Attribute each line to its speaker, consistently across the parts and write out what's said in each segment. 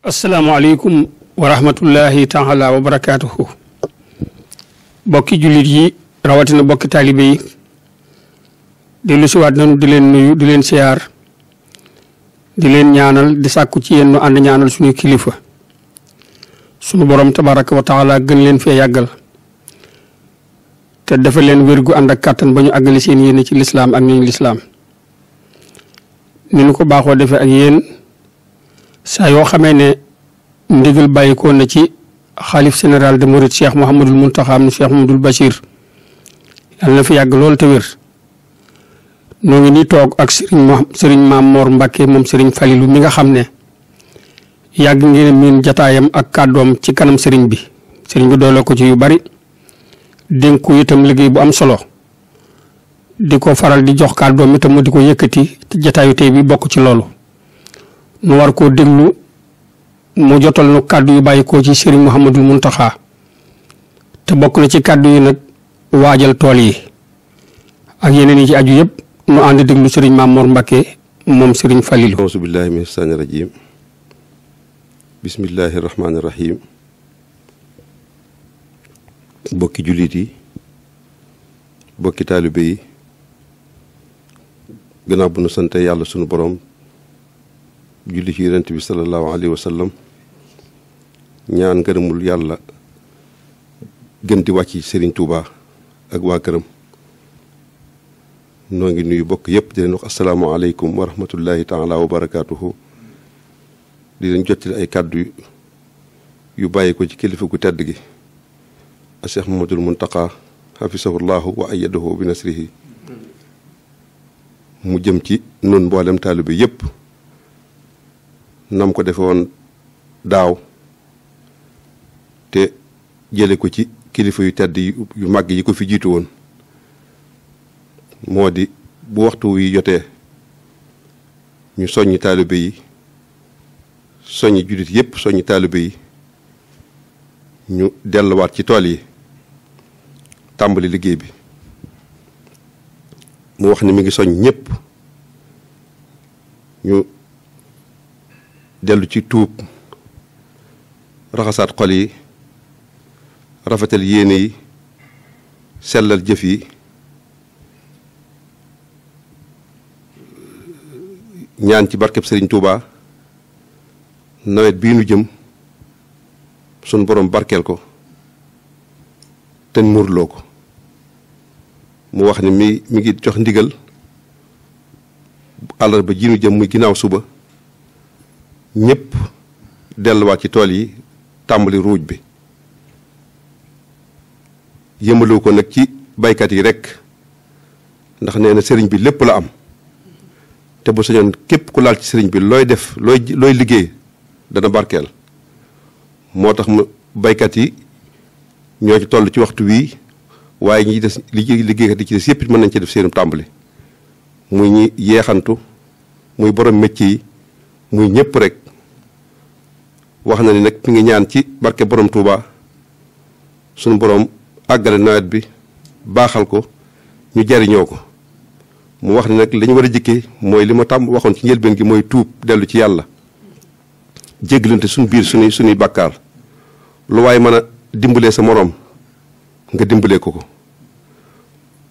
Speaker 1: asalaamualeykum wa rahmatullahi taala wa bokki jullit yi rawatina bokki taalibe yi dellu siwaat nanu di leen nuyu di leen siyaar di leen ñaanal di sàkku ci yenn nu ànd ñaanal suñu kilifa suñu boroom tabaraka wa gën leen fee yàggal te dafa leen wér gu ànd ak kàttan ba ñu àggale seen yéene ci lislaam ak ñooñu lislaam ni ñu ko baaxoo defee ak yéen saa yoo xamee ne ndigal bàyyikoo na ci xalif général de Mouride Cheikh Mouhamadul Mountakha am na Cheikh Mouhamadul Bachir yàlla na fi yàgg loolu te wér noo ngi nii toog ak sëriñ ma Maam Mor Mbacke moom sëriñ Falilu mi nga xam ne yàgg ngeen miin jataayam ak kàddoom ci kanam sëriñ bi sëriñ bi doole ko ci yu bari dénku itam liggéey bu am solo di ko faral di jox kàddoom itam mu di ko yëkkati jataayu tey bi bokk ci loolu. nu war koo déglu mu jotal nu kàddu yu bàyyi ko ci Serigne mun taxa te bokk na ci kàddu yi nag waajal tool yi ak yeneen yi ci aju yëpp nu ànd déglu Serigne Mamour Mbacké moom sëriñ Falilou. auzu billaahi mina shaytaani rajiim
Speaker 2: bismillaahi rahmaani yi bokki taalibe yi bu nu sante sunu borom. julli ci yonent bi sallallahu alayhi wa sallam ñaan ngërëmul yàlla gën di wàcc Serigne Touba ak waa këram noo ngi nuyu bokk yépp di leen wax asalaamaaleykum wa ay kàddu yu bàyyi ko ci kilifa gu tedd gi a Cheikh Mamadul Muntaqa xafisahullahu wa ayyadahu bi nasrihi mu jëm ci noonu mboolem taalibe yëpp nam ko defe woon daaw te jële ko ci kilifa yu tedd yu màgg yi ko fi jiitu woon moo di bu waxtu wi jotee ñu soññ taalibe yi soññi jullit yépp soññi taalibe yi ñu delluwaat ci tool yi tàmbali liggéey bi mu wax ni mi ngi soññ ñépp ñu dellu ci tuub raxasaat xol yi rafetal yéene yi sellal jëf yi ñaan ci barkeb sëriñ Touba nawet bii nu jëm sun borom barkeel ko ten muurloo ko mu wax ni mi mi ngi jox ndigal àllarba ji nu jëm muy ginnaaw suba ñëpp delluwaat ci tool yi tàmbali ruuj bi yëmaloo ko nag ci baykat yi rek ndax nee na sëriñ bi lépp la am te bu sañoon képp ku laal ci sëriñ bi looy def looy looy liggéey dana barkeel moo tax mu baykat yi ñoo ci toll ci waxtu wii waaye ñi des li liggéeykat yi ci des yëpp mën nañ ci def seenu tàmbali muy ñi yeexantu muy borom métier yi muy ñëpp rek wax na ni nag mi ngi ñaan ci barke borom Touba sunu boroom àggale nawet bi baaxal ko ñu jariñoo ko mu wax ni nag li ñu war a jikkee mooy li ma tàmm waxoon ci njëlbeen gi mooy tuub dellu ci yàlla jéggalante suñ biir suñuy suñuy bàkkaar lu waaye mën a dimbalee sa moroom nga dimbalee ko ko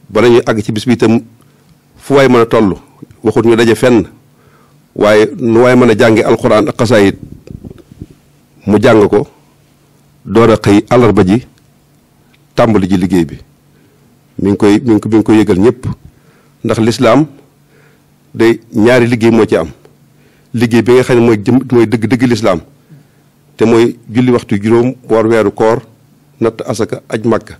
Speaker 2: bala ñuy àgg ci bis bi itam fu waay mën a tollu waxut ñu daje fenn waaye nu waaye mën a jànge alxuraan ak mu jàng ko door a xëy àllarba ji tàmbali ji liggéey bi mu ngi koy mi ngi ko mi ngi koy yëgal ñëpp ndax lislaam day ñaari liggéey moo ci am liggéey bi nga xam ne mooy jëm mooy dëgg dëgg lislaam te mooy julli waxtu juróom war weeru koor natt asaka aj màkka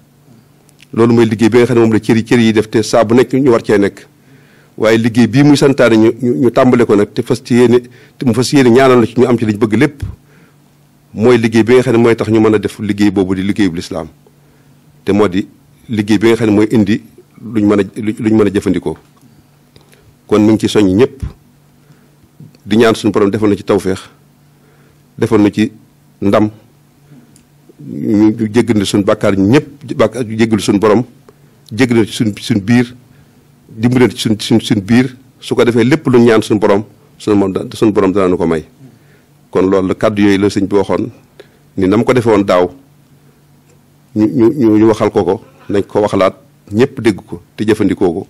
Speaker 2: loolu mooy liggéey bi nga xam ne moom la cëri cëri yi def te saa bu nekk ñu war cee nekk waaye liggéey bii muy santaane ñu ñu tàmbale ko nag te fas ci yéene te mu fas yéene ñaanal la ci ñu am ci liñ bëgg lépp mooy liggéey bi nga xam ne mooy tax ñu mën a def liggéey boobu di liggéey bu lislaam te moo di liggéey bi nga xam ne mooy indi luñ mën a luñ mën a jëfandikoo kon mu ngi ci soñ ñëpp di ñaan suñu borom defal na ci tawféex defal na ci ndam ñu jéggal suñu bàkkaar ñëpp bàkkaar jéggal suñu borom jéggal na ci suñ suñ biir dimbaleen ci suñ suñ suñ biir su ko defee lépp lu ñaan suñu borom suñu moom suñu borom danañu ko may kon loolu la kàddu yooyu la sëñ bi waxoon ni na mu ko defee daaw ñu ñu ñu waxal ko ko nañ ko waxalaat ñëpp dégg ko te jëfandikoo ko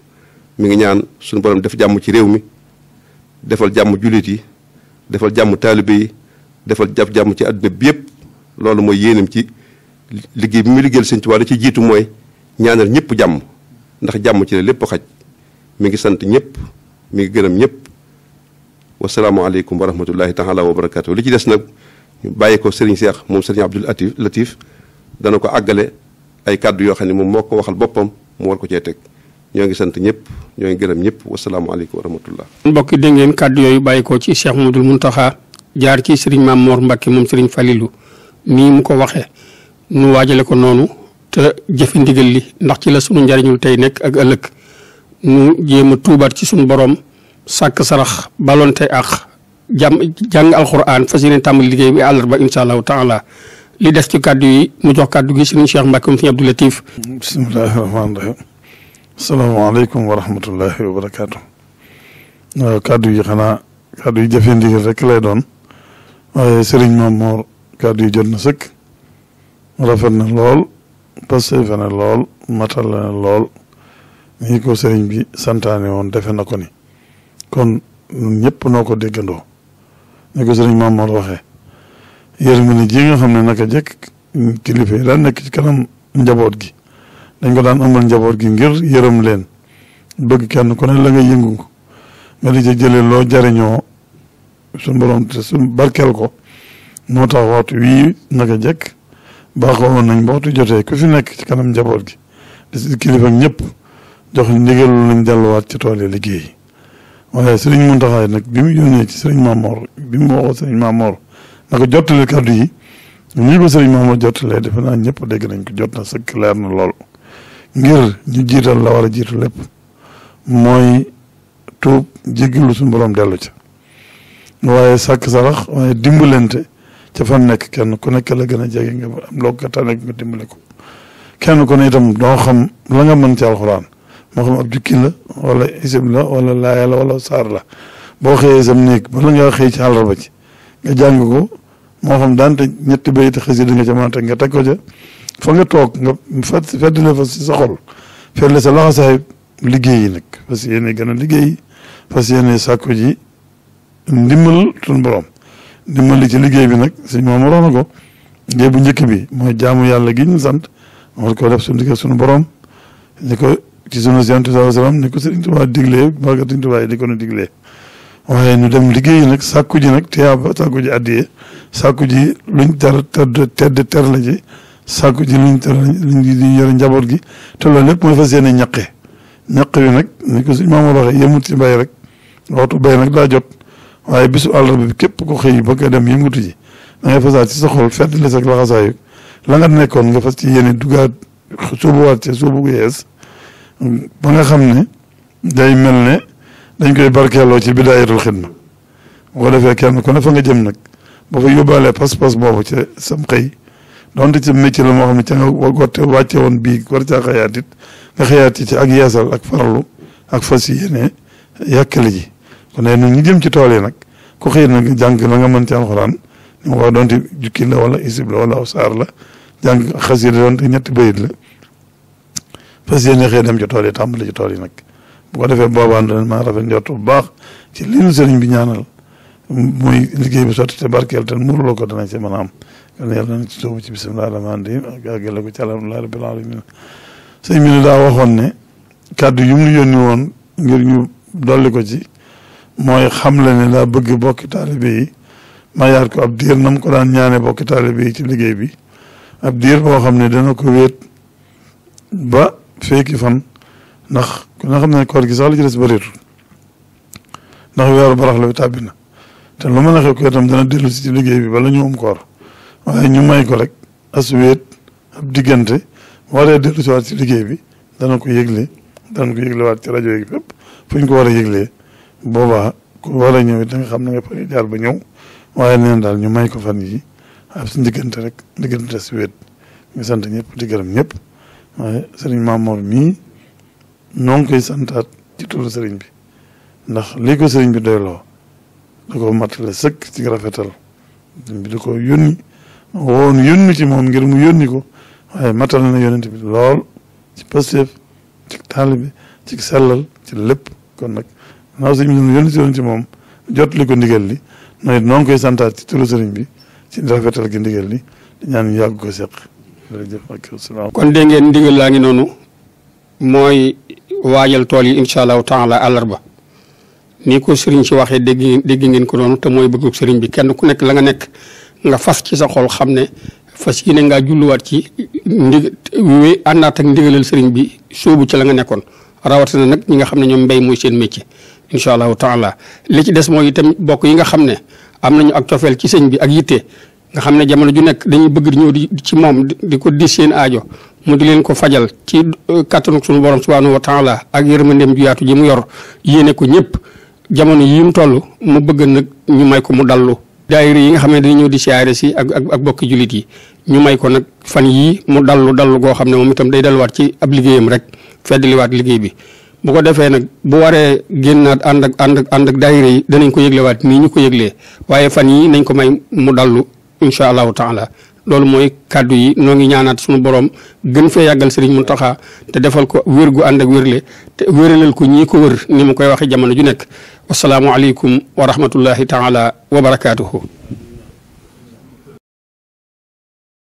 Speaker 2: mi ngi ñaan suñu borom def jàmm ci réew mi defal jàmm jullit yi defal jàmm taalibe yi defal jaf jàmm ci àdduna bi yëpp loolu mooy yéenam ci liggéey bi mu liggéeyal sëñ ci Tuubaa ci jiitu mooy ñaanal ñëpp jàmm ndax jàmm ci la lépp xaj mi ngi sant ñëpp mu ngi gërëm ñëpp wasalaamaaleykum wa rahmatullahi taala wa barakaatu li ci des nag ñu bàyyi ko Serigne moom Serigne Abdou Latif Latif dana ko àggale ay kàddu yoo xam ne moom moo ko waxal boppam mu war ko cee teg ñoo ngi sant ñëpp ñoo ngi gërëm ñëpp wasalaamaaleykum wa rahmatullah.
Speaker 1: mbokk yi dégg ngeen kàddu yooyu bàyyi ko ci Cheikh Mouhamadoul Mountakha jaar ci Serigne Mame Mor Mbacke moom Serigne Falilou nii mu ko waxee nu waajale ko noonu te jëfe ndigal li ndax ci la sunu njariñul tey nekk ak ëllëg. nu jéem a tuubaat ci suñu borom sàkk sarax balonte ak jàmm jàng alxuraan fas yéene tàmbali liggéey bi àllarba incha allahu taala li def ci kàddu yi mu jox kàddu gi sëriñ Cheikh Mbacke sëriñ Abdou Latif.
Speaker 3: bismillahi rahmaani rahim. salaamaaleykum wa rahmatullahi wa barakaatu. waaw kàddu yi xanaa kàddu yi jëfe ndigal rek lay doon waaye sëriñ ma Moor kàddu yi jot na sëkk rafet na lool passé fa na lool matal na lool. ni ko sëriñ bi santaane woon defe na ko ni kon ñëpp noo ko déggandoo ni ko sëriñ Mamoor waxee yërmande ji nga xam ne naka jekk kilifa yi daan nekk ci kanam njaboot gi dañ ko daan amal njaboot gi ngir yërëm leen bëgg kenn ku ne la nga yëngu ko nga di ca jëlee loo jariñoo suñu borom te suñu barkeel ko moo tax waxtu wii naka jekk baaxoo woon nañ ba waxtu jotee ku fi nekk ci kanam njaboot gi di kilifa ñëpp jox ndigal nañ delluwaat ci tool yi liggéey waaye sëriñ Muntaxa nag bi mu yónnee ci sëriñ Mamor bi mu waxoo sëriñ Mamor na ko jottale kàddu yi nii ko sëriñ Mamor jottalee defe naa ñëpp dégg nañ ko jot na sëkk leer na lool ngir jiital la war a jiitu lépp mooy tuub jéggalu suñu borom dellu ca waaye sàkk sarax waaye dimbalante ca fan nekk kenn ku nekk la gën a jege nga am loo ko tànn nga dimbale ko kenn ku ne itam doo xam la nga mën ci alxuraan moo xam ab jukki la wala isim la wala laaya la wala saar la boo xëyee sam néeg bala ngaa xëy ci àllarba ci nga jàng ko moo xam daante ñetti bayit xasida nga ca mën nga teg ko ca fa nga toog nga fet feddle fa si sa xol feddle sa loxo liggéey yi nag fas yéene gën a liggéey fas yéene sàkku ji ndimbal suñ borom ndimbal li ci liggéey bi nag suñ moom waroon na ko liggéey bu njëkk bi mooy jaamu yàlla gi ñu sant war ko def suñu digg suñu borom ni ci sunu si yonent saa salaam ni ko sëriñ Tuubaa di ko nu diglee waaye ñu nag sàkku ji nag tiyaaba sàkku ji addiye sàkku ji luñ ter tedd tedd ter la ji saako ji luñ ter luñ di yore njaboot gi te loolu lépp mooy fas yéene ñaqe ñaq wi nag ni ko suñu maamoon waxee yemut ci mbay rek waxtu bay nag daa jot waaye bisu àllarba bi képp ko xëy ba nga dem yëngatu ji da ngay fasaat ci sa xol fedd laxasaayu la nekkoon nga fas ci yéene dugaat sóobuwaat ca sóobu gu yees ba nga xam ne day mel ne dañ koy barkeeloo ci bidaayatul xidma bu ko defee kenn ku ne fa nga jëm nag ba fa yóbbaalee pas-pas boobu ci sam xëy doon donte ci métier la moo xam ne ca nga gotte wàcce woon bii war caa xëyaat nga xëyaat ci ak yeesal ak farlu ak fas yéene yàkkali ji kon nag ñun ñu jëm ci tool yi nag ku xëy na nga jàng la nga mën ci alxuraan ni mu wax donte jukki la wala isib la wala aw saar la jàng xas yi donte ñetti bayit la fas yéene xëy dem ci tool yi tàmbali ci tool yi nag bu ko defee boobaan danañ maa rafet njort bu baax ci li nu sëriñ bi ñaanal muy liggéey bi sotti te barkeel te muurloo ko danañ ci mën a am kon yàlla nañ ci sóobu ci bisimilah rahmaani rahim ak àggale ko ci alhamdulilah rabbil alamin sëñ bi daa waxoon ne kàddu yu mu yónni woon ngir ñu dolli ko ci mooy xam la ne daa bëgg bokki taalibe yi mayaat ko ab diir na mu ko daan ñaane bokki taalibe yi ci liggéey bi ab diir boo xam ne dana ko wéet ba feeki fan ndax ku nga xam ne koor gi sax li ci des bëreetul ndax weeru barax la bi tàbbi na te lu mën a xew ko itam dana dellu si ci liggéey bi bala ñu am koor waaye ñu ko rek as diggante waree dellu si liggéey bi dana ko yëgle dana ko ci rajo yi fépp fu ko war a yëglee boobaa ku war a ñëw it da xam ne nga pare jaar ba ñëw waaye neen daal ñu may ko fan yi ab si diggante rek diggante as wéet ñu sant ñëpp di gërëm ñëpp waaye sëriñ Maamoor mii ñoo ngi koy santaat ci turu sëriñ bi ndax lii ko sëriñ bi doyloo da ko matale sëkk ci rafetal sëriñ bi da ko yónni woon yónni ci moom ngir mu yónni ko waaye na yónent bi lool ci Pastef ci taalibe ci sellal ci lépp kon nag naaw sëriñ mu yónni si woon ci moom jot li ko ndigal li nooy noo ngi koy santaat ci turu sëriñ bi ci rafetal gi ndigal li di ñaan yàgg ko seq kon dégg ngeen ndigal
Speaker 1: laa ngi noonu mooy waajal tool yi incha allahu taala àllarba ni ko sëriñ si waxee dégg dégg ngeen ko noonu te mooy bëggug sëriñ bi kenn ku nekk la nga nekk nga fas ci sa xol xam ne fas yéene ngaa julluwaat ci ndig wé àndaat ak ndigalal sëriñ bi sóobu ci la nga nekkoon rawatina nag ñi nga xam ne ñoom mbéy mooy seen métier incha allahu taala li ci des mooy itam bokk yi nga xam ne am nañu ak cofeel ci sëñ bi ak yitte nga xam ne jamono ju nekk dañuy bëgg di ñëw di ci moom di ko di seen aajo mu di leen ko fajal ci euh, kàttanu suñu borom subhanahu wa taala ak yërmandeem ju yaatu ji mu yor yéene ko ñëpp jamono yi mu toll mu bëgg nag ñu may ko mu dallu daayira yi nga xam ne dañu di siyaare si ak bokki jullit yi ñu may ko nag fan yii mu dallu dallu goo xam ne moom itam day delluwaat ci ab liggéeyam rek feddaliwaat liggéey bi bu ko defee nag bu waree génnaat ànd ak ànd ak ànd ak daayira yi danañ ko yëglewaat nii ñu ko yëglee waaye fan yii nañ ko may mu dallu incha allahu taala loolu mooy kàddu yi noo ngi ñaanaat suñu borom gën fee yàggal Serigne taxaa te defal ko wér gu ànd ak wérle te wéralal ko ñii ko wër ni ma koy waxee jamono ju nekk
Speaker 3: wasalaamualeykum wa rahmatullahi taala wa barakaatuhu.